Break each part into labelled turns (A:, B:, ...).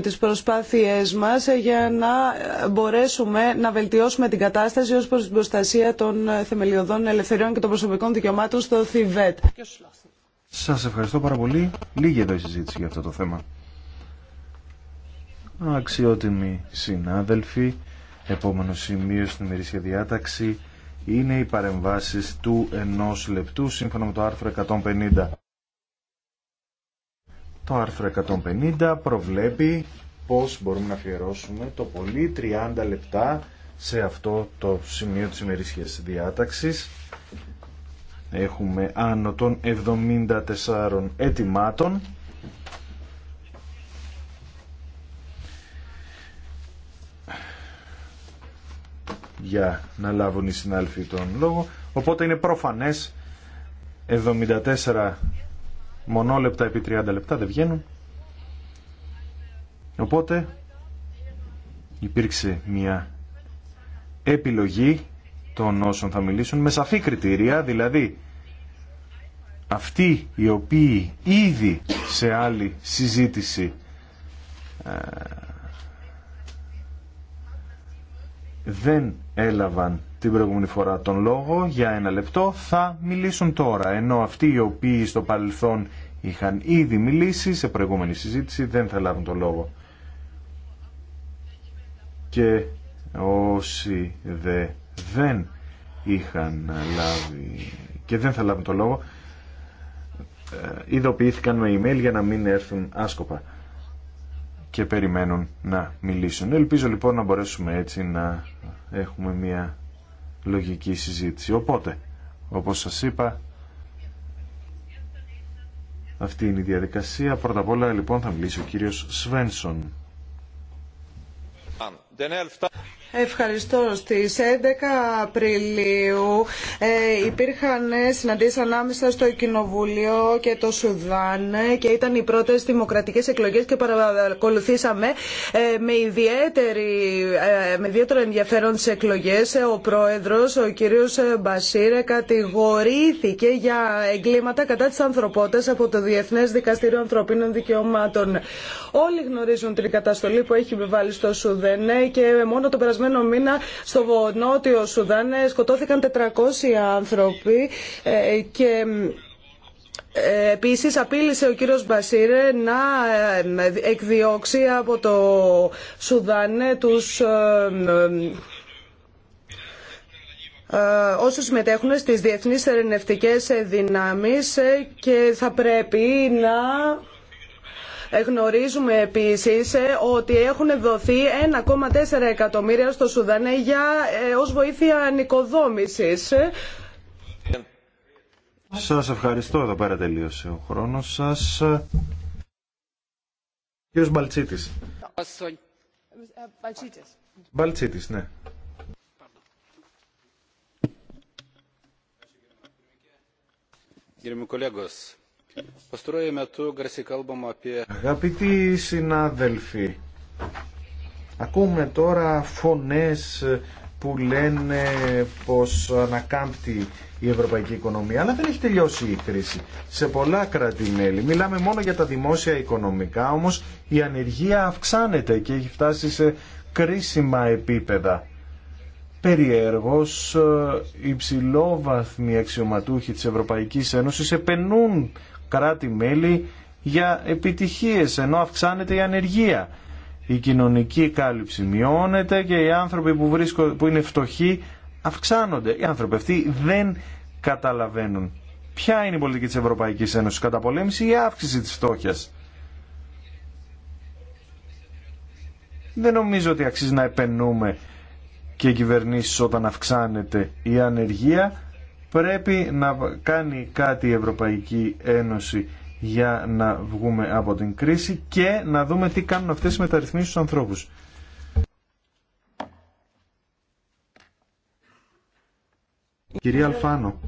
A: με τις προσπάθειές μας ε, για να μπορέσουμε να βελτιώσουμε την κατάσταση ως προς την προστασία των ε, θεμελιωδών ελευθεριών και των προσωπικών δικαιωμάτων στο Θιβέτ.
B: Σας ευχαριστώ πάρα πολύ. Λίγη εδώ η συζήτηση για αυτό το θέμα. Αξιότιμοι συνάδελφοι, επόμενο σημείο στην ημερήσια διάταξη είναι οι παρεμβάσεις του ενός λεπτού σύμφωνα με το άρθρο 150. Το άρθρο 150 προβλέπει πώς μπορούμε να αφιερώσουμε το πολύ 30 λεπτά σε αυτό το σημείο της ημερήσιας διάταξης. Έχουμε άνω των 74 ετοιμάτων. για να λάβουν οι συνάλφοι τον λόγο. Οπότε είναι προφανές 74 μονόλεπτα επί 30 λεπτά δεν βγαίνουν. Οπότε υπήρξε μια επιλογή των όσων θα μιλήσουν με σαφή κριτήρια, δηλαδή αυτοί οι οποίοι ήδη σε άλλη συζήτηση ε, δεν έλαβαν την προηγούμενη φορά τον λόγο για ένα λεπτό θα μιλήσουν τώρα ενώ αυτοί οι οποίοι στο παρελθόν είχαν ήδη μιλήσει σε προηγούμενη συζήτηση δεν θα λάβουν τον λόγο και όσοι δεν είχαν λάβει και δεν θα λάβουν τον λόγο ε, ειδοποιήθηκαν με email για να μην έρθουν άσκοπα και περιμένουν να μιλήσουν. Ελπίζω λοιπόν να μπορέσουμε έτσι να έχουμε μια λογική συζήτηση. Οπότε, όπως σας είπα, αυτή είναι η διαδικασία. Πρώτα απ' όλα λοιπόν θα μιλήσει ο κύριος Σβένσον.
A: Ευχαριστώ. Στις 11 Απριλίου ε, υπήρχαν ε, συναντήσεις ανάμεσα στο Κοινοβουλίο και το Σουδάν και ήταν οι πρώτες δημοκρατικές εκλογές και παρακολουθήσαμε ε, με, ιδιαίτερη, ε, με ιδιαίτερο ενδιαφέρον τις εκλογές. Ο πρόεδρος, ο κύριος Μπασίρε, κατηγορήθηκε για εγκλήματα κατά της ανθρωπότητας από το Διεθνές Δικαστήριο Ανθρωπίνων Δικαιωμάτων. Όλοι γνωρίζουν την καταστολή που έχει βάλει στο Σουδάν και μόνο το περασμένο μήνα στο Νότιο Σουδάν ε, σκοτώθηκαν 400 άνθρωποι ε, και ε, Επίσης απείλησε ο κύριος Μπασίρε να εκδιώξει από το Σουδάν τους όσους συμμετέχουν στις διεθνείς ερευνευτικές δυνάμεις και θα πρέπει να Γνωρίζουμε επίσης ε, ότι έχουν δοθεί 1,4 εκατομμύρια στο Σουδάν ε, για, ε, ως βοήθεια νοικοδόμησης.
B: Σας ευχαριστώ. Εδώ πέρα τελείωσε ο χρόνος σας. Κύριος Μπαλτσίτης.
C: Oh,
B: Μπαλτσίτης. ναι. Κύριε
D: Μικολέγκος,
B: Αγαπητοί συνάδελφοι, ακούμε τώρα φωνές που λένε πως ανακάμπτει η ευρωπαϊκή οικονομία, αλλά δεν έχει τελειώσει η κρίση. Σε πολλά κράτη-μέλη μιλάμε μόνο για τα δημόσια οικονομικά, όμως η ανεργία αυξάνεται και έχει φτάσει σε κρίσιμα επίπεδα. Περιέργως, ε, υψηλόβαθμοι αξιωματούχοι της Ευρωπαϊκής Ένωσης επενούν κράτη-μέλη για επιτυχίες, ενώ αυξάνεται η ανεργία. Η κοινωνική κάλυψη μειώνεται και οι άνθρωποι που, που είναι φτωχοί αυξάνονται. Οι άνθρωποι αυτοί δεν καταλαβαίνουν ποια είναι η πολιτική της Ευρωπαϊκής Ένωσης, καταπολέμηση ή αύξηση της φτώχειας. Δεν νομίζω ότι αξίζει να επενούμε και κυβερνήσεις όταν αυξάνεται η ανεργία, πρέπει να κάνει κάτι η Ευρωπαϊκή Ένωση για να βγούμε από την κρίση και να δούμε τι κάνουν αυτές οι μεταρρυθμίσεις στους ανθρώπους. Κυρία Αλφάνο.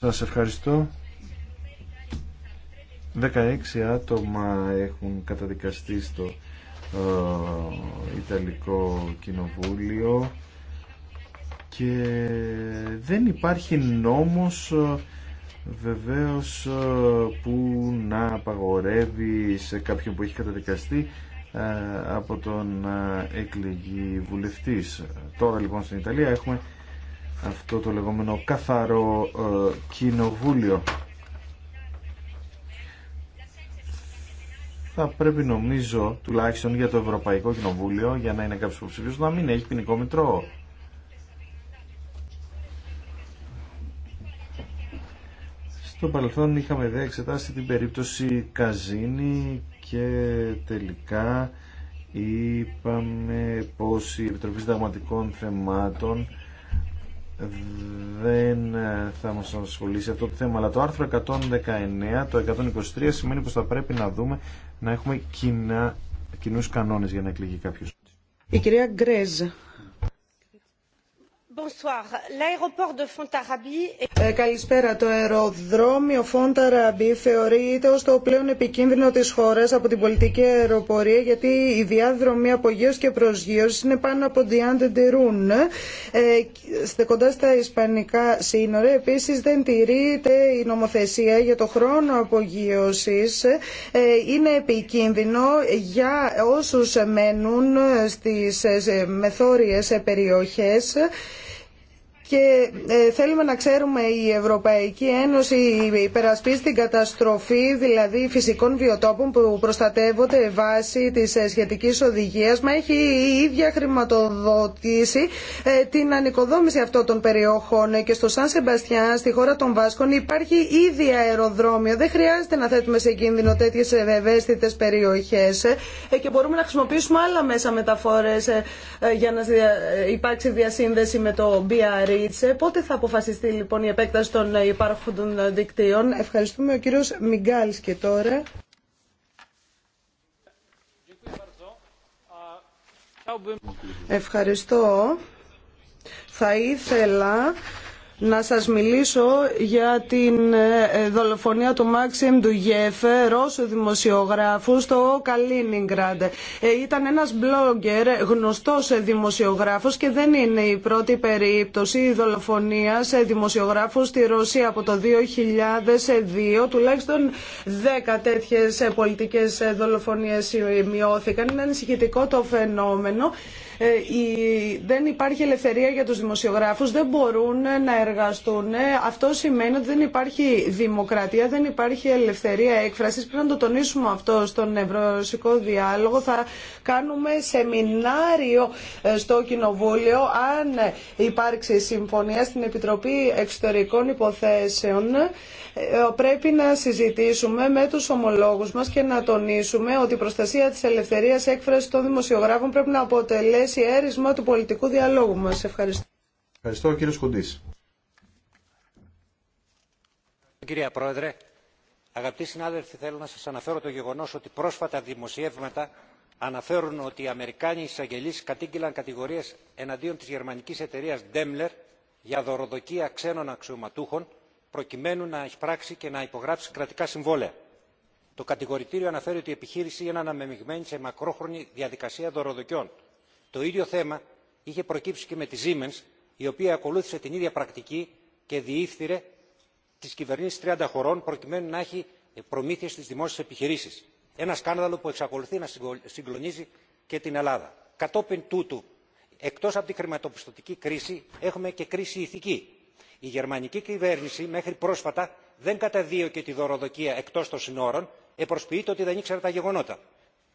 B: Σας ευχαριστώ. 16 άτομα έχουν καταδικαστεί στο ε, Ιταλικό Κοινοβούλιο και δεν υπάρχει νόμος ε, βεβαίως ε, που να απαγορεύει σε κάποιον που έχει καταδικαστεί από τον εκλεγή βουλευτής. Τώρα λοιπόν στην Ιταλία έχουμε αυτό το λεγόμενο καθαρό κοινοβούλιο θα πρέπει νομίζω, τουλάχιστον για το Ευρωπαϊκό Κοινοβούλιο, για να είναι κάποιο υποψηφίο, να μην έχει ποινικό μητρό. Στο παρελθόν είχαμε δε εξετάσει την περίπτωση Καζίνη και τελικά είπαμε πως η Επιτροπή Συνταγματικών Θεμάτων δεν θα μας ασχολήσει αυτό το θέμα αλλά το άρθρο 119, το 123 σημαίνει πως θα πρέπει να δούμε να έχουμε κοινά, κοινούς κανόνες για να εκλεγεί κάποιος.
A: Η κυρία Γκρέζ. Ε, καλησπέρα. Το αεροδρόμιο Φόνταραμπή θεωρείται ως το πλέον επικίνδυνο της χώρας από την πολιτική αεροπορία γιατί η διάδρομη απογείωσης και προσγείωσης είναι πάνω από Διάντε ε, Ντερούν. κοντά στα ισπανικά σύνορα επίσης δεν τηρείται η νομοθεσία για το χρόνο απογείωσης. Ε, είναι επικίνδυνο για όσους μένουν στις μεθόριες περιοχές και ε, θέλουμε να ξέρουμε η Ευρωπαϊκή Ένωση υπερασπίζει την καταστροφή δηλαδή φυσικών βιοτόπων που προστατεύονται βάσει της ε, σχετικής οδηγίας μα έχει η ίδια χρηματοδοτήσει την ανοικοδόμηση αυτών των περιοχών ε, και στο Σαν Σεμπαστιά στη χώρα των Βάσκων υπάρχει ήδη αεροδρόμιο δεν χρειάζεται να θέτουμε σε κίνδυνο τέτοιες ευαίσθητες περιοχές και μπορούμε να χρησιμοποιήσουμε άλλα μέσα μεταφορές για να υπάρξει διασύνδεση με το BRI e. Πότε θα αποφασιστεί λοιπόν η επέκταση των υπάρχοντων δικτύων. Ευχαριστούμε ο κύριος Μιγκάλης και τώρα. Ευχαριστώ. Θα ήθελα να σας μιλήσω για την ε, δολοφονία του Μάξιμ Ντουγιέφ, Ρώσου δημοσιογράφου στο Καλίνιγκραντ. Ε, ήταν ένας μπλόγκερ, γνωστός δημοσιογράφος και δεν είναι η πρώτη περίπτωση δολοφονίας δημοσιογράφου στη Ρωσία από το 2002. Τουλάχιστον 10 τέτοιες πολιτικές δολοφονίες μειώθηκαν. Είναι ανησυχητικό το φαινόμενο. Ε, δεν υπάρχει ελευθερία για τους δημοσιογράφους, δεν μπορούν να εργαστούν. Ε, αυτό σημαίνει ότι δεν υπάρχει δημοκρατία, δεν υπάρχει ελευθερία έκφρασης. Πρέπει να το τονίσουμε αυτό στον ευρωσικό διάλογο. Θα κάνουμε σεμινάριο ε, στο Κοινοβούλιο αν υπάρξει συμφωνία στην Επιτροπή Εξωτερικών Υποθέσεων. Πρέπει να συζητήσουμε με τους ομολόγους μας και να τονίσουμε ότι η προστασία της ελευθερίας έκφρασης των δημοσιογράφων πρέπει να αποτελέσει αίρισμα του πολιτικού διαλόγου μας. Ευχαριστώ.
C: Ευχαριστώ κύριος Κουντής. Κυρία Πρόεδρε, αγαπητοί συνάδελφοι, θέλω να σας αναφέρω το γεγονός ότι πρόσφατα δημοσιεύματα αναφέρουν ότι οι Αμερικάνοι εισαγγελείς κατήγγυλαν κατηγορίες εναντίον της γερμανικής εταιρείας Daimler για δωροδοκία ξένων αξιωματούχων προκειμένου να εισπράξει και να υπογράψει κρατικά συμβόλαια. Το κατηγορητήριο αναφέρει ότι η επιχείρηση είναι αναμεμειγμένη σε μακρόχρονη διαδικασία δωροδοκιών το ίδιο θέμα είχε προκύψει και με τη siemens η οποία ακολούθησε την ίδια πρακτική και διήφθηρε τις κυβερνήσει 30 χωρών προκειμένου να έχει προμήθειε στι δημόσιε επιχειρήσει. Ένα σκάνδαλο που εξακολουθεί να συγκλονίζει και την Ελλάδα. Κατόπιν τούτου, εκτό από τη χρηματοπιστωτική κρίση, έχουμε και κρίση ηθική. Η γερμανική κυβέρνηση μέχρι πρόσφατα δεν καταδίωκε τη δωροδοκία εκτό των συνόρων, επροσποιείται ότι δεν ήξερε τα γεγονότα.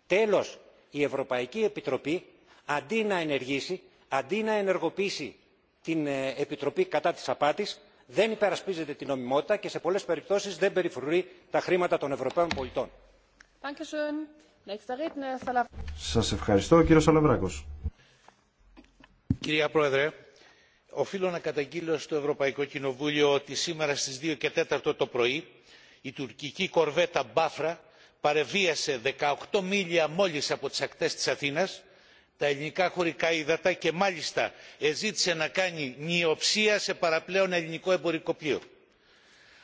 C: Τέλο, η Ευρωπαϊκή Επιτροπή αντί να ενεργήσει αντί να ενεργοποιήσει την ε, επιτροπή κατά της απάτης δεν υπερασπίζεται την νομιμότητα και σε πολλές περιπτώσεις δεν περιφρουρεί τα χρήματα των ευρωπαίων πολιτών.
B: Σας ευχαριστώ. Σαλαβράκος.
D: Κυρία Πρόεδρε, οφείλω να καταγγείλω στο Ευρωπαϊκό Κοινοβούλιο ότι σήμερα στις 2 και 4 το πρωί η τουρκική κορβέτα Μπάφρα παρεβίασε 18 μίλια μόλις από τις ακτές της Αθήνας τα ελληνικά χωρικά ύδατα και μάλιστα εζήτησε να κάνει νιοψία σε παραπλέον ελληνικό εμπορικό πλοίο.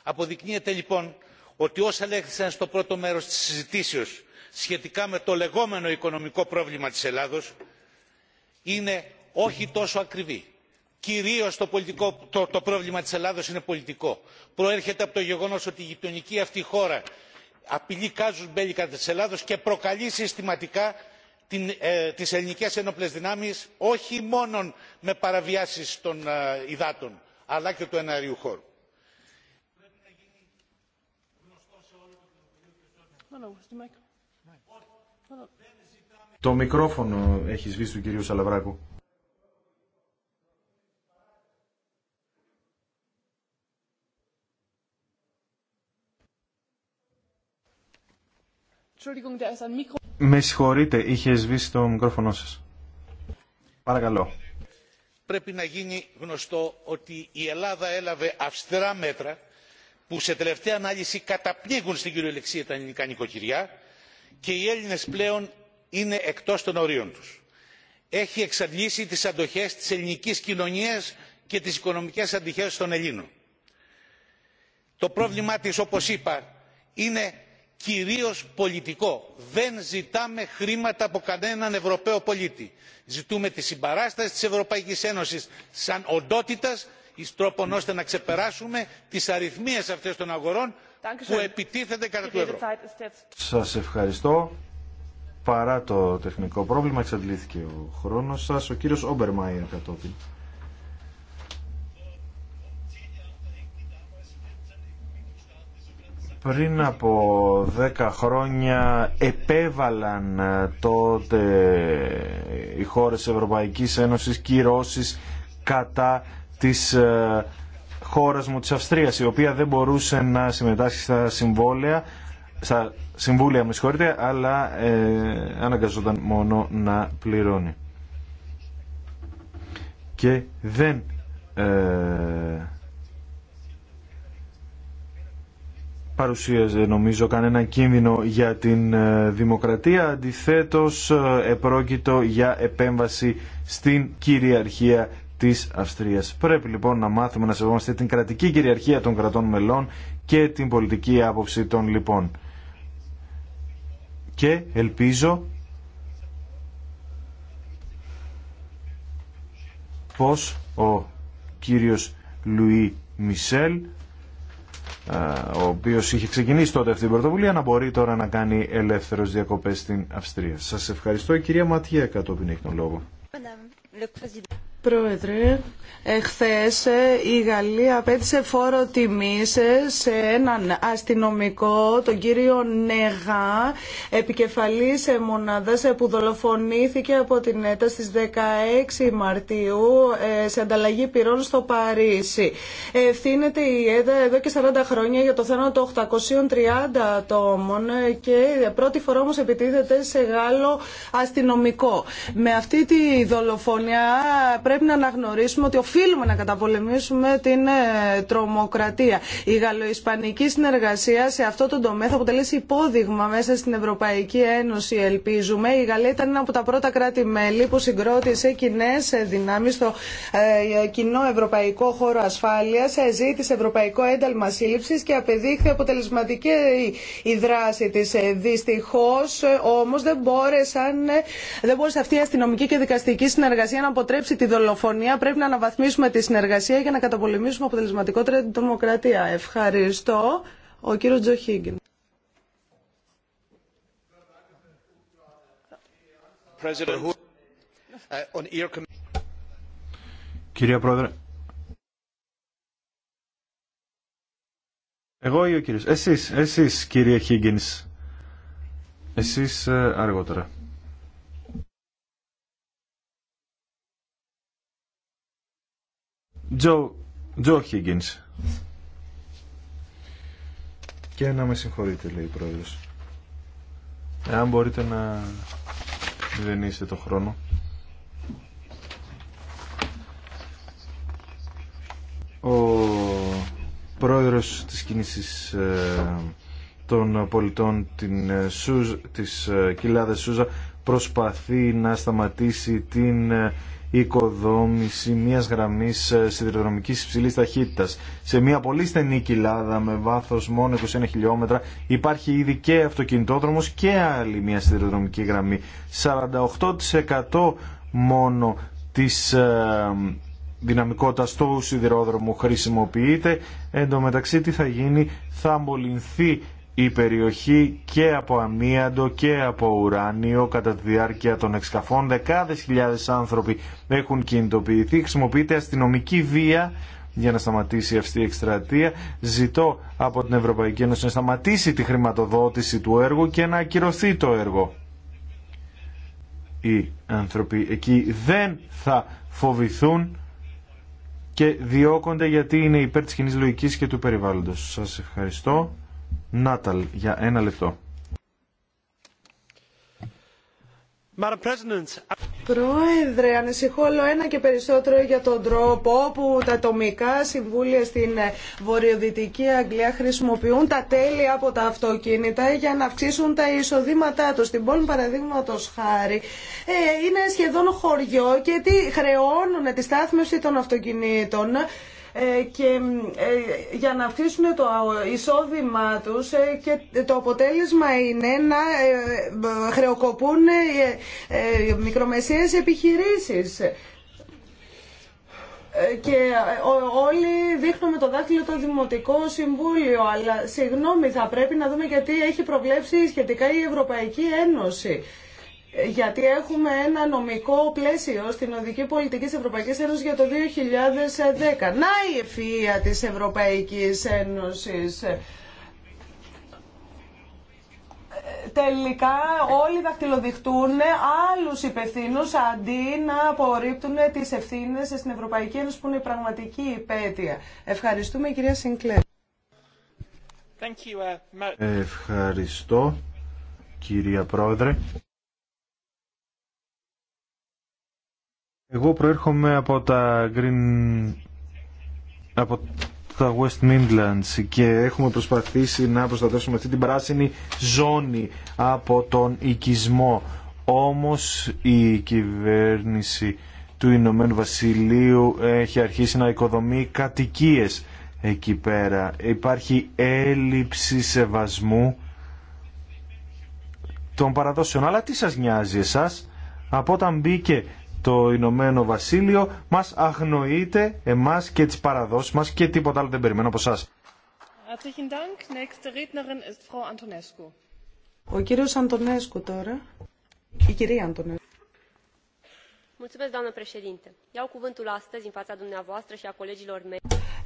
D: αποδεικνύεται λοιπόν ότι όσα λέχθησαν στο πρώτο μέρος της συζητήσεως σχετικά με το λεγόμενο οικονομικό πρόβλημα της ελλάδος είναι όχι τόσο ακριβή. κυρίως το, πρόβλημα της ελλάδος είναι πολιτικό. προέρχεται από το γεγονός ότι η γειτονική αυτή χώρα απειλεί κάζους μπέλικα της ελλάδος και προκαλεί συστηματικά ε, τις ελληνικές ένοπλες δυνάμεις όχι μόνο με παραβιάσεις των ε, υδάτων αλλά και του εναέριου χώρου.
B: Το μικρόφωνο έχει σβήσει του κυρίου Σαλαβράκου.
A: Entschuldigung, da ist ein Mikro.
B: Με συγχωρείτε, είχε σβήσει το μικρόφωνο σας. Παρακαλώ.
D: Πρέπει να γίνει γνωστό ότι η Ελλάδα έλαβε αυστηρά μέτρα που σε τελευταία ανάλυση καταπνίγουν στην κυριολεξία τα ελληνικά νοικοκυριά και οι Έλληνες πλέον είναι εκτός των ορίων τους. Έχει εξαντλήσει τις αντοχές της ελληνικής κοινωνίας και τις οικονομικές αντοχές των Ελλήνων. Το πρόβλημά της, όπως είπα, είναι κυρίως πολιτικό. δεν ζητάμε χρήματα από κανέναν ευρωπαίο πολίτη. ζητούμε τη συμπαράσταση της ευρωπαϊκής ένωσης σαν οντότητας τρόπον ώστε να ξεπεράσουμε τις αριθμίες αυτές των αγορών που επιτίθενται κατά του ευρώ.
B: Σας ευχαριστώ. Παρά το τεχνικό πρόβλημα εξαντλήθηκε ο χρόνος σας. Ο κύριος κατόπιν. πριν από δέκα χρόνια επέβαλαν ε, τότε οι χώρες Ευρωπαϊκής Ένωσης κυρώσεις κατά της ε, χώρας μου της Αυστρίας η οποία δεν μπορούσε να συμμετάσχει στα συμβόλαια στα συμβούλια με αλλά ε, αναγκαζόταν μόνο να πληρώνει και δεν ε, παρουσίαζε νομίζω κανένα κίνδυνο για την ε, δημοκρατία. Αντιθέτως ε, επρόκειτο για επέμβαση στην κυριαρχία της Αυστρίας. Πρέπει λοιπόν να μάθουμε να σεβόμαστε την κρατική κυριαρχία των κρατών μελών και την πολιτική άποψη των λοιπόν. Και ελπίζω πως ο κύριος Λουί Μισελ ο οποίο είχε ξεκινήσει τότε αυτή την πρωτοβουλία, να μπορεί τώρα να κάνει ελεύθερος διακοπές στην Αυστρία. Σας ευχαριστώ. Η κυρία Ματιέ κατόπιν έχει τον λόγο.
A: Πρόεδρε, εχθές ε, η Γαλλία απέτησε φόρο τιμή ε, σε έναν αστυνομικό, τον κύριο Νεγά, επικεφαλής ε, μονάδας που δολοφονήθηκε από την ΕΤΑ στι 16 Μαρτίου σε ανταλλαγή πυρών στο Παρίσι. Ευθύνεται η ΕΤΑ εδώ και 40 χρόνια για το θέμα των 830 ατόμων και πρώτη φορά όμως επιτίθεται σε Γάλλο αστυνομικό. Με αυτή τη δολοφονία πρέπει να αναγνωρίσουμε ότι οφείλουμε να καταπολεμήσουμε την ε, τρομοκρατία. Η γαλλοϊσπανική συνεργασία σε αυτό το τομέα θα αποτελέσει υπόδειγμα μέσα στην Ευρωπαϊκή Ένωση, ελπίζουμε. Η Γαλλία ήταν ένα από τα πρώτα κράτη-μέλη που συγκρότησε κοινέ δυνάμει στο ε, κοινό ευρωπαϊκό χώρο ασφάλεια, ε, ζήτησε ευρωπαϊκό ένταλμα σύλληψη και απεδείχθη αποτελεσματική η δράση τη. Δυστυχώ όμω δεν μπόρεσαν δεν μπόρεσε αυτή η αστυνομική και δικαστική συνεργασία να αποτρέψει τη δολοφονία δολοφονία πρέπει να αναβαθμίσουμε τη συνεργασία για να καταπολεμήσουμε αποτελεσματικότερα την τρομοκρατία. Ευχαριστώ. Ο κύριος Τζο Χίγκιν.
B: Κυρία Πρόεδρε, εγώ ή ο κύριος, εσείς, εσείς κύριε Χίγκινς, εσείς ε, αργότερα. Τζο, Τζο Και να με συγχωρείτε, λέει η πρόεδρος. Εάν μπορείτε να μηδενίσετε το χρόνο. Ο πρόεδρος της κίνησης ε, των πολιτών την, ε, Σουζ, της ε, κοιλάδας Σούζα προσπαθεί να σταματήσει την οικοδόμηση μια γραμμής ε, σιδηροδρομικής υψηλή ταχύτητας. Σε μια πολύ στενή κοιλάδα με βάθος μόνο 21 χιλιόμετρα υπάρχει ήδη και αυτοκινητόδρομος και άλλη μια σιδηροδρομική γραμμή. 48% μόνο της ε, δυναμικότητα του σιδηρόδρομου χρησιμοποιείται. Εν τω μεταξύ τι θα γίνει, θα μολυνθεί η περιοχή και από αμίαντο και από ουράνιο κατά τη διάρκεια των εξκαφών. Δεκάδες χιλιάδες άνθρωποι έχουν κινητοποιηθεί. Χρησιμοποιείται αστυνομική βία για να σταματήσει αυτή η εκστρατεία. Ζητώ από την Ευρωπαϊκή Ένωση να σταματήσει τη χρηματοδότηση του έργου και να ακυρωθεί το έργο. Οι άνθρωποι εκεί δεν θα φοβηθούν και διώκονται γιατί είναι υπέρ της κοινής λογικής και του περιβάλλοντος. Σας ευχαριστώ. Νάταλ για ένα λεπτό.
A: Πρόεδρε, ανησυχώ όλο ένα και περισσότερο για τον τρόπο που τα τομικά συμβούλια στην βορειοδυτική Αγγλία χρησιμοποιούν τα τέλη από τα αυτοκίνητα για να αυξήσουν τα εισοδήματά τους. Στην πόλη παραδείγματο χάρη ε, είναι σχεδόν χωριό και τι χρεώνουν τη στάθμευση των αυτοκινήτων ε, και ε, για να αυξήσουν το εισόδημά τους ε, και το αποτέλεσμα είναι να χρεοκοπούν μικρομεσαίες επιχειρήσεις και όλοι δείχνουμε το δάχτυλο το Δημοτικό Συμβούλιο, αλλά συγγνώμη θα πρέπει να δούμε γιατί έχει προβλέψει σχετικά η Ευρωπαϊκή Ένωση γιατί έχουμε ένα νομικό πλαίσιο στην οδική πολιτική της Ευρωπαϊκής Ένωσης για το 2010. Να η ευφυΐα της Ευρωπαϊκής Ένωσης. Τελικά όλοι δακτυλοδειχτούν άλλους υπευθύνου αντί να απορρίπτουν τις ευθύνες στην Ευρωπαϊκή Ένωση που είναι η πραγματική υπέτεια. Ευχαριστούμε κυρία Σινκλέρ.
C: Uh,
B: Ευχαριστώ κυρία Πρόεδρε. Εγώ προέρχομαι από τα Green... από τα West Midlands και έχουμε προσπαθήσει να προστατεύσουμε αυτή την πράσινη ζώνη από τον οικισμό. Όμως η κυβέρνηση του Ηνωμένου Βασιλείου έχει αρχίσει να οικοδομεί κατοικίες εκεί πέρα. Υπάρχει έλλειψη σεβασμού των παραδόσεων. Αλλά τι σας νοιάζει εσάς από όταν μπήκε το Ηνωμένο Βασίλειο μας αγνοείται εμάς και τις παραδόσεις μας και τίποτα άλλο δεν περιμένω από εσάς.
A: Ο κύριος Αντωνέσκου τώρα. Η κυρία Αντωνέσκου.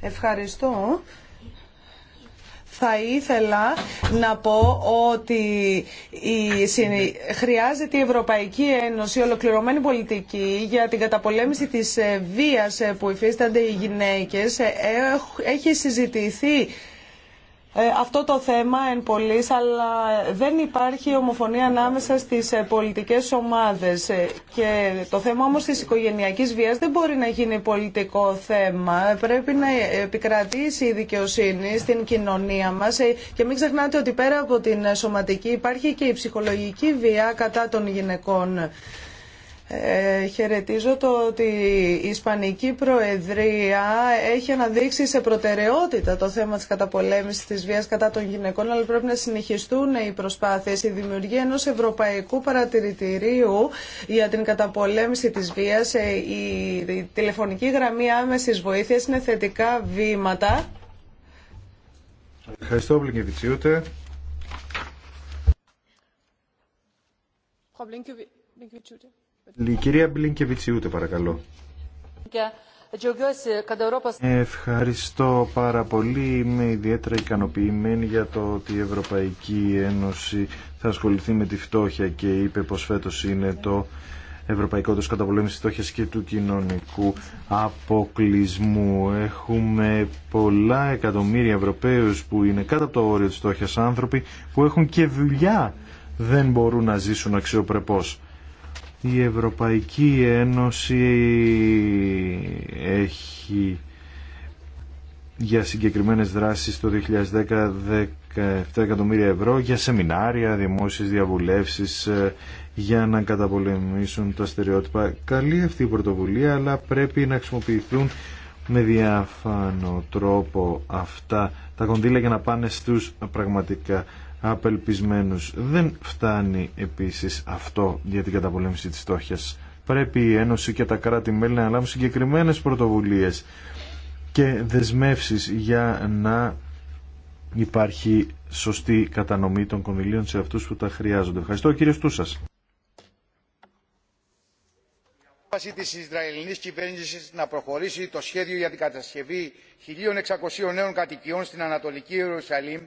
A: Ευχαριστώ θα ήθελα να πω ότι χρειάζεται η Ευρωπαϊκή Ένωση ολοκληρωμένη πολιτική για την καταπολέμηση της ε, βίας ε, που υφίστανται οι γυναίκες. Ε, έχει συζητηθεί ε, αυτό το θέμα εν πολλής, αλλά δεν υπάρχει ομοφωνία ανάμεσα στις ε, πολιτικές ομάδες. Ε, και το θέμα όμως της οικογενειακής βίας δεν μπορεί να γίνει πολιτικό θέμα. Πρέπει να επικρατήσει η δικαιοσύνη στην κοινωνία μας και μην ξεχνάτε ότι πέρα από την σωματική υπάρχει και η ψυχολογική βία κατά των γυναικών. Ε, χαιρετίζω το ότι η Ισπανική Προεδρία έχει αναδείξει σε προτεραιότητα το θέμα της καταπολέμησης της βίας κατά των γυναικών, αλλά πρέπει να συνεχιστούν οι προσπάθειες. Η δημιουργία ενός Ευρωπαϊκού Παρατηρητηρίου για την καταπολέμηση της βίας, ε, η τηλεφωνική γραμμή άμεσης βοήθειας είναι θετικά βήματα.
B: Ευχαριστώ, η κυρία ούτε παρακαλώ. Ευχαριστώ πάρα πολύ. Είμαι ιδιαίτερα ικανοποιημένη για το ότι η Ευρωπαϊκή Ένωση θα ασχοληθεί με τη φτώχεια και είπε πως φέτος είναι το Ευρωπαϊκό Ότος Καταπολέμησης Φτώχειας και του Κοινωνικού Αποκλεισμού. Έχουμε πολλά εκατομμύρια Ευρωπαίους που είναι κάτω από το όριο της φτώχειας άνθρωποι που έχουν και δουλειά δεν μπορούν να ζήσουν αξιοπρεπώς η Ευρωπαϊκή Ένωση έχει για συγκεκριμένες δράσεις το 2010 17 εκατομμύρια ευρώ για σεμινάρια, δημόσιες διαβουλεύσεις ε, για να καταπολεμήσουν τα στερεότυπα. Καλή αυτή η πρωτοβουλία αλλά πρέπει να χρησιμοποιηθούν με διάφανο τρόπο αυτά τα κονδύλια για να πάνε στους πραγματικά απελπισμένους. Δεν φτάνει επίσης αυτό για την καταπολέμηση της στόχιας. Πρέπει η Ένωση και τα κράτη-μέλη να λάβουν συγκεκριμένες πρωτοβουλίες και δεσμεύσεις για να υπάρχει σωστή κατανομή των κονδυλίων σε αυτούς που τα χρειάζονται. Ευχαριστώ κύριε Στούσας.
E: Η της Ισραηλινής κυβέρνησης να προχωρήσει το σχέδιο για την κατασκευή 1.600 νέων κατοικιών στην Ανατολική Ιερουσαλήμ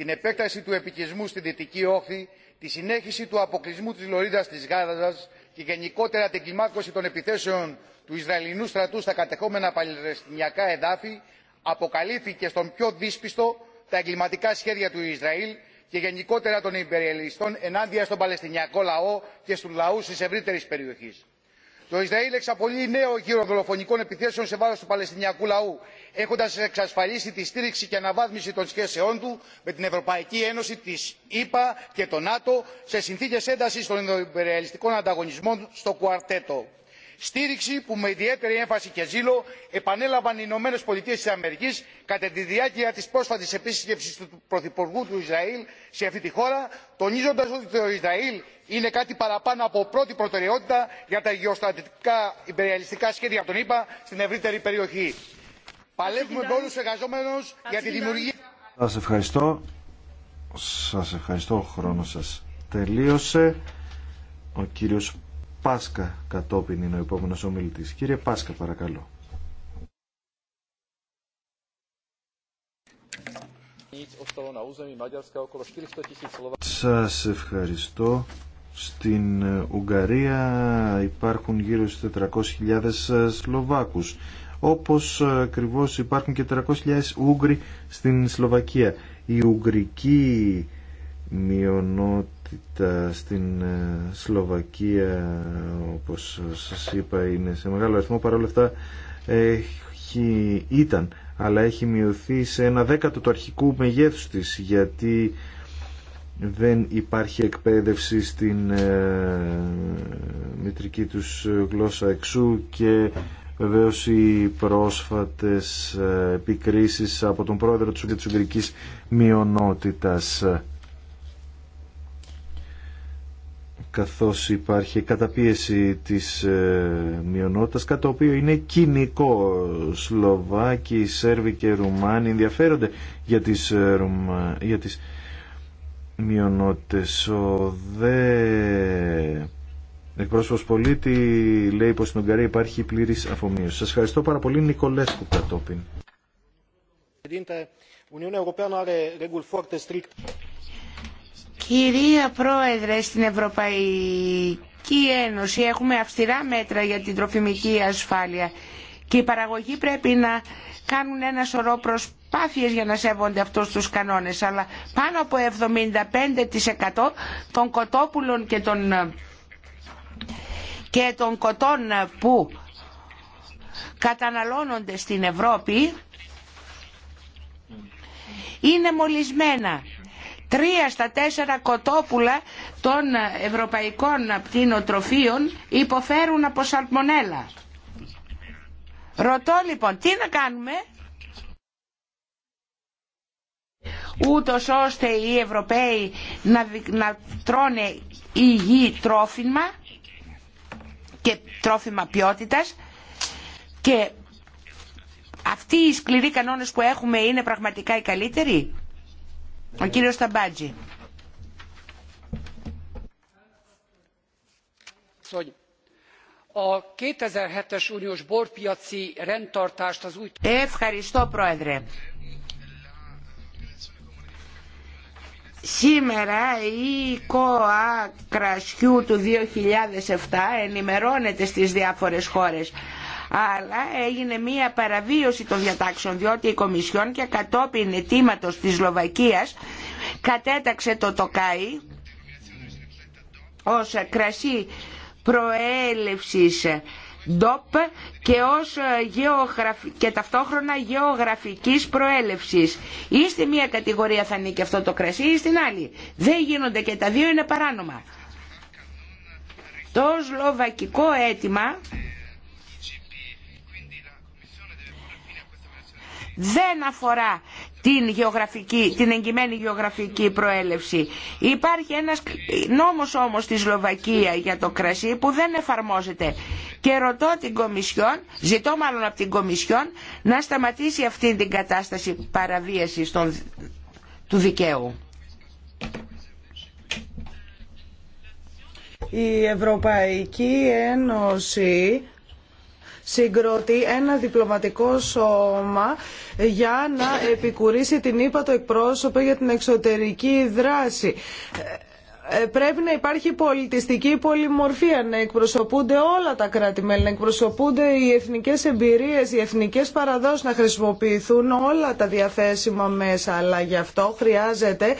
E: την επέκταση του επικισμού στη δυτική όχθη τη συνέχιση του αποκλεισμού της λωρίδας της γάζας και γενικότερα την κλιμάκωση των επιθέσεων του ισραηλινού στρατού στα κατεχόμενα παλαιστινιακά εδάφη, αποκαλύφθηκε στον πιο δύσπιστο τα εγκληματικά σχέδια του ισραήλ και γενικότερα των υπεριαλιστών ενάντια στον παλαιστινιακό λαό και στους λαούς της ευρύτερης περιοχής. το ισραήλ εξαπολύει νέο γύρο δολοφονικών επιθέσεων σε βάρος του παλαιστινιακού λαού έχοντα εξασφαλίσει τη στήριξη και αναβάθμιση των σχέσεών του με την ευρωπαϊκή ένωση της ηπα και το νατο σε συνθήκες έντασης των υπεριαλιστικών ανταγωνισμών στο κουαρτέτο. στήριξη που με ιδιαίτερη έμφαση και ζήλο επανέλαβαν οι ηνωμένε πολιτείε τη αμερική κατά τη διάρκεια τη πρόσφατη επίσκεψη του πρωθυπουργού του ισραήλ σε αυτή τη χώρα τονίζοντα ότι το ισραήλ είναι κάτι παραπάνω από πρώτη προτεραιότητα για τα γεωστρατηγικά υπεριαλιστικά σχέδια των ηπα στην ευρύτερη περιοχή. Παλεύουμε με για τη δημιουργία.
B: Σα ευχαριστώ. Σα ευχαριστώ. Ο χρόνο σα τελείωσε. Ο κύριο Πάσκα κατόπιν είναι ο επόμενο ομιλητή. Κύριε Πάσκα, παρακαλώ. Σας ευχαριστώ. Στην Ουγγαρία υπάρχουν γύρω στους 400.000 Σλοβάκους όπως ακριβώ υπάρχουν και 400.000 Ούγγροι στην Σλοβακία. Η Ουγγρική μειονότητα στην ε, Σλοβακία, όπως σας είπα, είναι σε μεγάλο αριθμό, παρόλα αυτά έχει, ήταν, αλλά έχει μειωθεί σε ένα δέκατο του αρχικού μεγέθους της, γιατί δεν υπάρχει εκπαίδευση στην ε, μητρική τους γλώσσα εξού και Βεβαίως οι πρόσφατες ε, επικρίσεις από τον πρόεδρο της Ουγγρικής Μειονότητας καθώς υπάρχει καταπίεση της ε, μειονότητας κατά το οποίο είναι κοινικό Σλοβάκοι, Σέρβοι και Ρουμάνοι ενδιαφέρονται για τις, ε, για τις μειονότητες ο δε εκπρόσωπος πολίτη λέει πω στην Ουγγαρία υπάρχει πλήρη αφομοίωση. Σα ευχαριστώ πάρα πολύ Νικολέσκου κατόπιν.
F: Κυρία Πρόεδρε, στην Ευρωπαϊκή Ένωση έχουμε αυστηρά μέτρα για την τροφιμική ασφάλεια και οι παραγωγοί πρέπει να κάνουν ένα σωρό προσπάθειες για να σέβονται αυτούς τους κανόνες αλλά πάνω από 75% των κοτόπουλων και των και των κοτών που καταναλώνονται στην Ευρώπη είναι μολυσμένα. Τρία στα τέσσερα κοτόπουλα των ευρωπαϊκών πτυνοτροφίων υποφέρουν από σαλμονέλα. Ρωτώ λοιπόν, τι να κάνουμε ούτω ώστε οι Ευρωπαίοι να, να τρώνε υγιή τρόφιμα και τρόφιμα ποιότητας και αυτοί οι σκληροί κανόνες που έχουμε είναι πραγματικά οι καλύτεροι. Ο κύριος Σταμπάτζη. Ευχαριστώ, Πρόεδρε. Σήμερα η ΚΟΑ κρασιού του 2007 ενημερώνεται στις διάφορες χώρες αλλά έγινε μία παραβίωση των διατάξεων διότι η Κομισιόν και κατόπιν ετήματος της Σλοβακίας κατέταξε το τοκάι ως κρασί προέλευσης ντόπ και, ως ε, και ταυτόχρονα γεωγραφικής προέλευσης. Ή στη μία κατηγορία θα ανήκει αυτό το κρασί ή στην άλλη. Δεν γίνονται και τα δύο είναι παράνομα. Το σλοβακικό αίτημα δεν αφορά την, γεωγραφική, την εγκυμένη γεωγραφική προέλευση. Υπάρχει ένας νόμος όμως στη Σλοβακία για το κρασί που δεν εφαρμόζεται. Και ρωτώ την Κομισιόν, ζητώ μάλλον από την Κομισιόν, να σταματήσει αυτή την κατάσταση παραβίασης του δικαίου. Η Ευρωπαϊκή Ένωση
A: συγκροτεί ένα διπλωματικό σώμα για να επικουρήσει την ΥΠΑ το εκπρόσωπο για την εξωτερική δράση ε, ε, πρέπει να υπάρχει πολιτιστική πολυμορφία, να εκπροσωπούνται όλα τα κράτη-μέλη, να εκπροσωπούνται οι εθνικές εμπειρίες, οι εθνικές παραδόσεις, να χρησιμοποιηθούν όλα τα διαθέσιμα μέσα, αλλά γι' αυτό χρειάζεται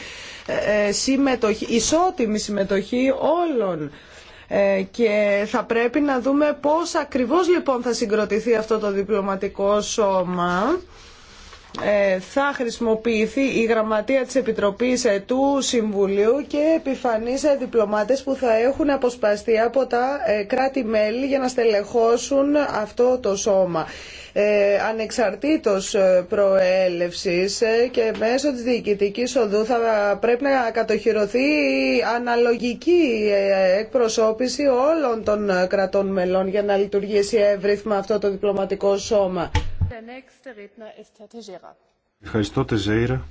A: ε, συμμετοχή, ισότιμη συμμετοχή όλων. Ε, και θα πρέπει να δούμε πώς ακριβώς λοιπόν θα συγκροτηθεί αυτό το διπλωματικό σώμα. Ε, θα χρησιμοποιηθεί η γραμματεία της Επιτροπής ε, του Συμβουλίου και επιφανείς ε, διπλωμάτες που θα έχουν αποσπαστεί από τα κράτη-μέλη για να στελεχώσουν αυτό το σώμα. Ε, ανεξαρτήτως προέλευσης και μέσω της διοικητικής οδού θα πρέπει να κατοχυρωθεί αναλογική εκπροσώπηση όλων των κρατών μελών για να λειτουργήσει εύρυθμα αυτό το διπλωματικό σώμα.
B: Ευχαριστώ, Τεζέιρα.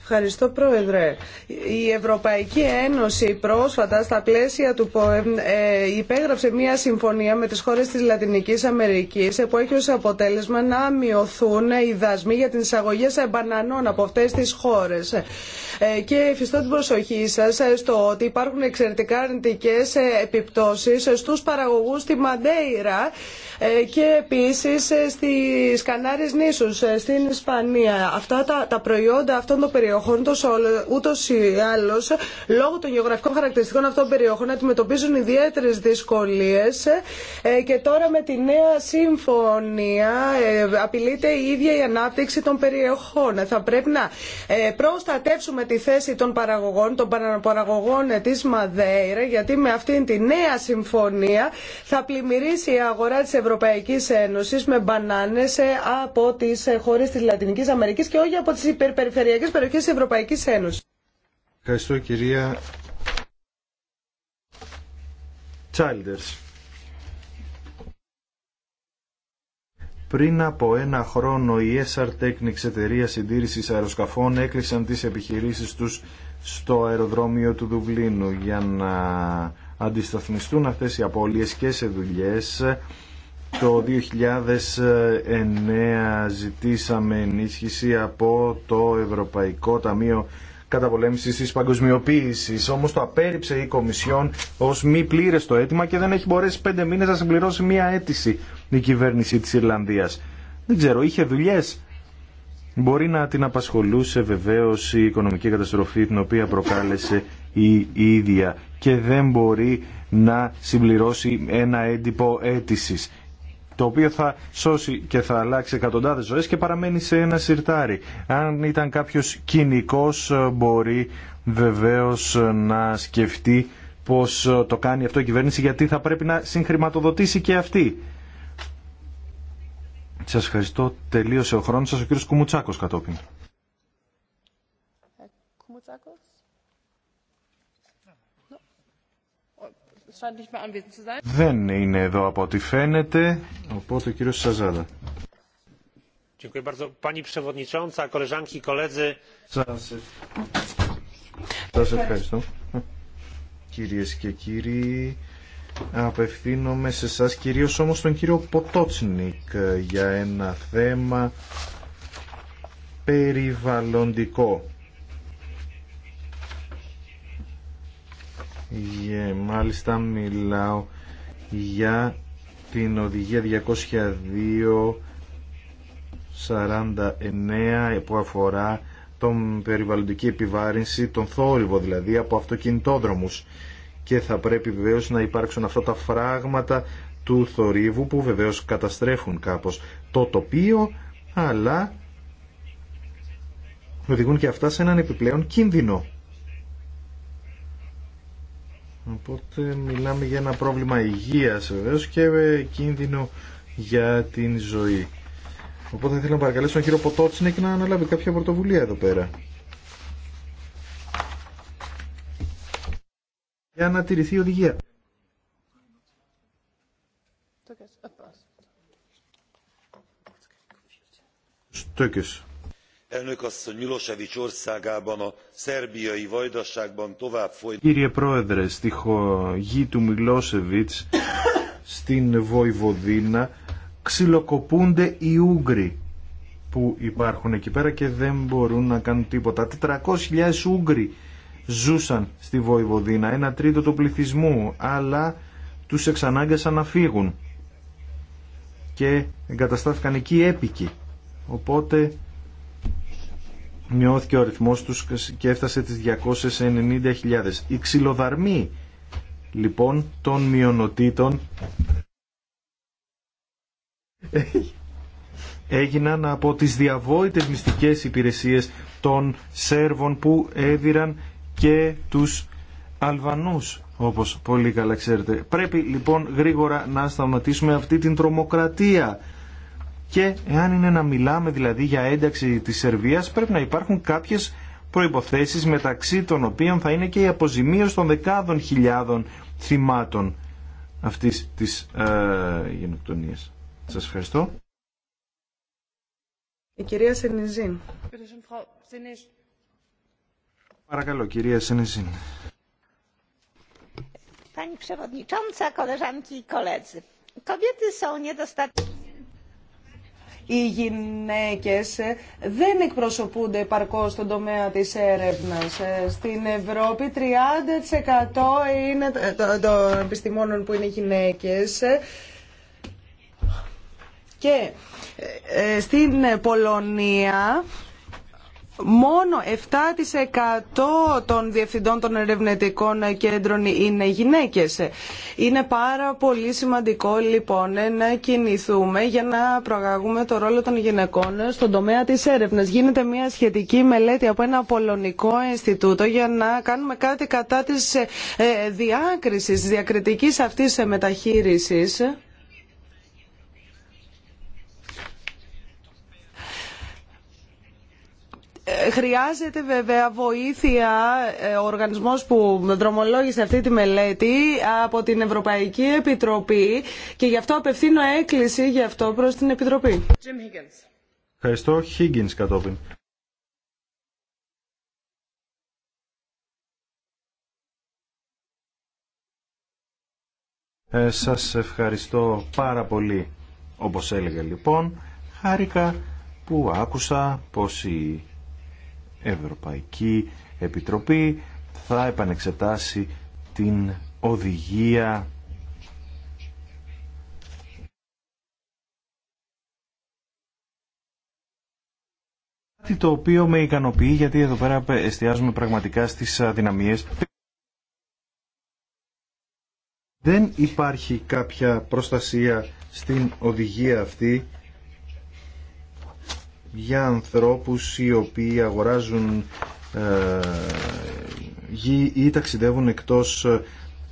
A: Ευχαριστώ Πρόεδρε. Η Ευρωπαϊκή Ένωση πρόσφατα στα πλαίσια του ΠΟΕΜ ε, υπέγραψε μια συμφωνία με τις χώρες της Λατινικής Αμερικής ε, που έχει ως αποτέλεσμα να μειωθούν οι δασμοί για τις σε μπανανών από αυτές τις χώρες. Ε, και εφιστώ την προσοχή σας στο ότι υπάρχουν εξαιρετικά αρνητικέ επιπτώσεις στους παραγωγούς στη Μαντέιρα και επίσης στις Κανάρες νήσους στην Ισπανία. Αυτά τα τα προϊόντα αυτών των περιοχών, ούτω ή άλλω, λόγω των γεωγραφικών χαρακτηριστικών αυτών των περιοχών, αντιμετωπίζουν ιδιαίτερε δυσκολίε ε, και τώρα με τη νέα συμφωνία ε, απειλείται η ίδια η ανάπτυξη των περιοχών. Θα πρέπει να ε, προστατεύσουμε τη θέση των παραγωγών, των παραγωγών τη Μαδέιρα, γιατί με αυτήν τη νέα συμφωνία θα πλημμυρίσει η αγορά τη Ευρωπαϊκή Ένωση με μπανάνε από τι χώρε τη Λατινική Αμερική και όχι από τι τις υπερπεριφερειακές περιοχές της Ευρωπαϊκής Ένωσης.
B: Ευχαριστώ κυρία Childers. Πριν από ένα χρόνο η SR Technics εταιρεία συντήρησης αεροσκαφών έκλεισαν τις επιχειρήσεις τους στο αεροδρόμιο του Δουβλίνου για να αντισταθμιστούν αυτές οι απώλειες και σε δουλειές το 2009 ζητήσαμε ενίσχυση από το Ευρωπαϊκό Ταμείο καταπολέμησης της παγκοσμιοποίησης. Όμως το απέρριψε η Κομισιόν ως μη πλήρες το αίτημα και δεν έχει μπορέσει πέντε μήνες να συμπληρώσει μία αίτηση η κυβέρνηση της Ιρλανδίας. Δεν ξέρω, είχε δουλειές. Μπορεί να την απασχολούσε βεβαίως η οικονομική καταστροφή την οποία προκάλεσε η ίδια και δεν μπορεί να συμπληρώσει ένα έντυπο αίτησης το οποίο θα σώσει και θα αλλάξει εκατοντάδες ζωές και παραμένει σε ένα σιρτάρι. Αν ήταν κάποιος κοινικός μπορεί βεβαίως να σκεφτεί πως το κάνει αυτό η κυβέρνηση γιατί θα πρέπει να συγχρηματοδοτήσει και αυτή. Σας ευχαριστώ. Τελείωσε ο χρόνος σας. Ο κύριος Κουμουτσάκος κατόπιν. Δεν είναι εδώ από ό,τι φαίνεται, οπότε ο κύριο Σαζάδα. Σας ευχαριστώ. Κυρίες και κύριοι, απευθύνομαι σε εσά κυρίως όμως τον κύριο Ποτότσνικ για ένα θέμα περιβαλλοντικό και μάλιστα μιλάω για την οδηγία 202 49 που αφορά τον περιβαλλοντική επιβάρυνση, τον θόρυβο δηλαδή από αυτοκινητόδρομους και θα πρέπει βεβαίως να υπάρξουν αυτά τα φράγματα του θορύβου που βεβαίως καταστρέφουν κάπως το τοπίο αλλά οδηγούν και αυτά σε έναν επιπλέον κίνδυνο Οπότε μιλάμε για ένα πρόβλημα υγείας βεβαίως και ε, κίνδυνο για την ζωή. Οπότε θέλω να παρακαλέσω τον κύριο και να αναλάβει κάποια πρωτοβουλία εδώ πέρα. Για να τηρηθεί η οδηγία. Στόκες. Κύριε Πρόεδρε, στη γη του Μιλόσεβιτς, στην Βοηβοδίνα, ξυλοκοπούνται οι Ούγγροι που υπάρχουν εκεί πέρα και δεν μπορούν να κάνουν τίποτα. 400.000 Ούγγροι ζούσαν στη Βοηβοδίνα, ένα τρίτο του πληθυσμού, αλλά τους εξανάγκασαν να φύγουν και εγκαταστάθηκαν εκεί έπικοι. Οπότε μειώθηκε ο αριθμός τους και έφτασε τις 290.000. Η ξυλοδαρμή, λοιπόν των μειονοτήτων έγιναν από τις διαβόητες μυστικές υπηρεσίες των Σέρβων που έδιραν και τους Αλβανούς όπως πολύ καλά ξέρετε. Πρέπει λοιπόν γρήγορα να σταματήσουμε αυτή την τρομοκρατία και εάν είναι να μιλάμε δηλαδή για ένταξη της Σερβίας πρέπει να υπάρχουν κάποιες προϋποθέσεις μεταξύ των οποίων θα είναι και η αποζημίωση των δεκάδων χιλιάδων θυμάτων αυτής της ε, γενοκτονίας. Σας ευχαριστώ.
A: Η κυρία Σενιζίν.
B: Παρακαλώ, κυρία Σενιζίν.
F: Pani Przewodnicząca, koleżanki i koledzy. Kobiety są niedostatecznie
A: οι γυναίκες δεν εκπροσωπούνται επαρκώς στον τομέα της έρευνας. Ε, στην Ευρώπη 30% είναι των επιστημόνων που είναι γυναίκες. Και ε, ε, στην Πολωνία μόνο 7% των διευθυντών των ερευνητικών κέντρων είναι γυναίκες. Είναι πάρα πολύ σημαντικό λοιπόν να κινηθούμε για να προαγαγούμε το ρόλο των γυναικών στον τομέα της έρευνας. Γίνεται μια σχετική μελέτη από ένα πολωνικό Ινστιτούτο για να κάνουμε κάτι κατά της ε, ε, διάκρισης, διακριτικής αυτής μεταχείρισης Χρειάζεται βέβαια βοήθεια ε, ο οργανισμός που δρομολόγησε αυτή τη μελέτη από την Ευρωπαϊκή Επιτροπή και γι' αυτό απευθύνω έκκληση γι' αυτό προς την Επιτροπή.
B: Ευχαριστώ. Higgins κατόπιν. Ε, σας ευχαριστώ πάρα πολύ. Όπως έλεγα λοιπόν, χάρηκα που άκουσα πως η Ευρωπαϊκή Επιτροπή θα επανεξετάσει την οδηγία κάτι το οποίο με ικανοποιεί γιατί εδώ πέρα εστιάζουμε πραγματικά στις αδυναμίες δεν υπάρχει κάποια προστασία στην οδηγία αυτή για ανθρώπους οι οποίοι αγοράζουν ε, γη ή ταξιδεύουν εκτός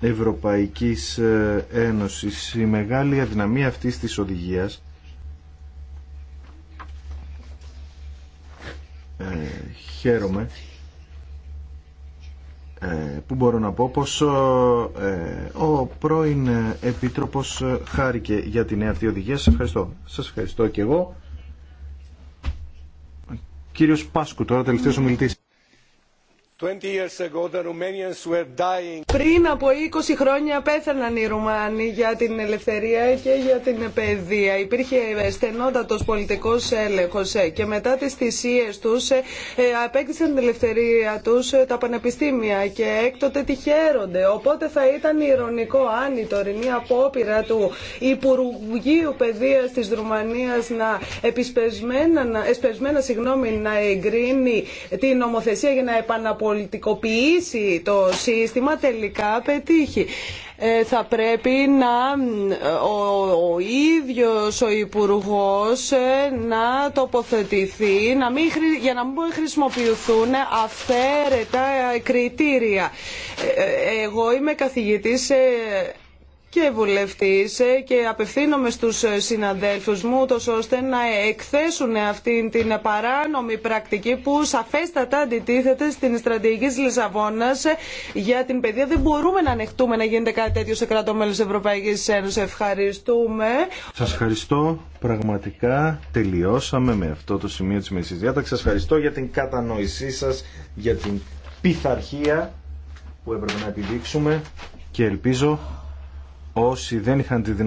B: Ευρωπαϊκής ε, Ένωσης. Η μεγάλη αδυναμία αυτής της οδηγίας ε, χαίρομαι ε, που μπορώ να πω πως ε, ο πρώην Επίτροπος ε, χάρηκε για την νέα αυτή οδηγία. Σας ευχαριστώ. Σας ευχαριστώ και εγώ κύριος Πάσκου, τώρα τελευταίος ομιλητής.
A: Πριν από 20 χρόνια πέθαναν οι Ρουμάνοι για την ελευθερία και για την παιδεία. Υπήρχε στενότατος πολιτικός έλεγχος και μετά τις θυσίες τους ε, ε, απέκτησαν την ελευθερία τους ε, τα πανεπιστήμια και έκτοτε τη χαίρονται. Οπότε θα ήταν ηρωνικό αν η τωρινή απόπειρα του Υπουργείου Παιδείας της Ρουμανίας να εγκρίνει την νομοθεσία για να επαναπολίσει πολιτικοποιήσει το σύστημα τελικά πετύχει. Ε, θα πρέπει να ο, ο ίδιος ο Υπουργός ε, να τοποθετηθεί να μην, για να μην χρησιμοποιηθούν αυθαίρετα κριτήρια. Ε, εγώ είμαι καθηγητής και βουλευτή ε, και απευθύνομαι στου ε, συναδέλφου μου τόσο ώστε να εκθέσουν αυτή την παράνομη πρακτική που σαφέστατα αντιτίθεται στην στρατηγική τη Λισαβόνα ε, για την παιδεία. Δεν μπορούμε να ανεχτούμε να γίνεται κάτι τέτοιο σε κράτο μέλο της Ευρωπαϊκής Ένωσης. Ευχαριστούμε.
B: Σα ευχαριστώ. Πραγματικά τελειώσαμε με αυτό το σημείο τη Μέση Διάταξη. Σας ευχαριστώ για την κατανοησή σα, για την πειθαρχία που έπρεπε να επιδείξουμε και ελπίζω όσοι δεν είχαν τη δυνατότητα